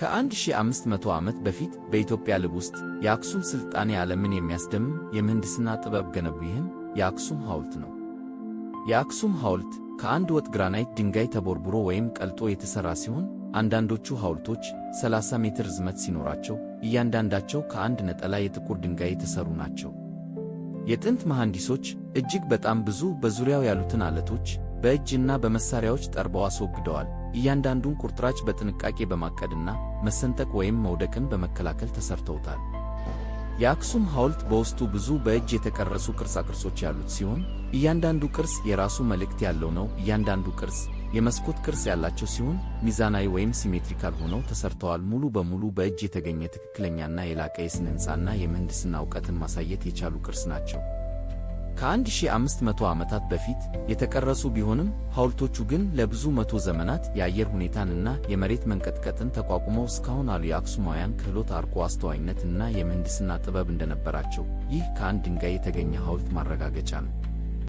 ከ1500 ዓመት በፊት በኢትዮጵያ ልብ ውስጥ የአክሱም ሥልጣኔ ዓለምን የሚያስደምም የምህንድስና ጥበብ ገነቡ። ይህም የአክሱም ሐውልት ነው። የአክሱም ሐውልት ከአንድ ወጥ ግራናይት ድንጋይ ተቦርቡሮ ወይም ቀልጦ የተሠራ ሲሆን አንዳንዶቹ ሐውልቶች 30 ሜትር ዝመት ሲኖራቸው፣ እያንዳንዳቸው ከአንድ ነጠላ የጥቁር ድንጋይ የተሠሩ ናቸው። የጥንት መሐንዲሶች እጅግ በጣም ብዙ በዙሪያው ያሉትን ዓለቶች በእጅ በመሣሪያዎች ጠርበው አስወግደዋል። እያንዳንዱን ቁርጥራጭ በጥንቃቄ በማቀድና መሰንጠቅ ወይም መውደቅን በመከላከል ተሰርተውታል። የአክሱም ሐውልት በውስጡ ብዙ በእጅ የተቀረጹ ቅርጻቅርጾች ያሉት ሲሆን እያንዳንዱ ቅርጽ የራሱ መልእክት ያለው ነው። እያንዳንዱ ቅርጽ የመስኮት ቅርጽ ያላቸው ሲሆን ሚዛናዊ ወይም ሲሜትሪካል ሆነው ተሰርተዋል። ሙሉ በሙሉ በእጅ የተገኘ ትክክለኛና የላቀ የሥነ ሕንፃና የምህንድስና እውቀትን ማሳየት የቻሉ ቅርስ ናቸው። ከ1500 ዓመታት በፊት የተቀረጹ ቢሆንም ሐውልቶቹ ግን ለብዙ መቶ ዘመናት የአየር ሁኔታንና የመሬት መንቀጥቀጥን ተቋቁመው እስካሁን አሉ። የአክሱማውያን ክህሎት፣ አርቆ አስተዋይነትና የምህንድስና ጥበብ እንደነበራቸው ይህ ከአንድ ድንጋይ የተገኘ ሐውልት ማረጋገጫ ነው።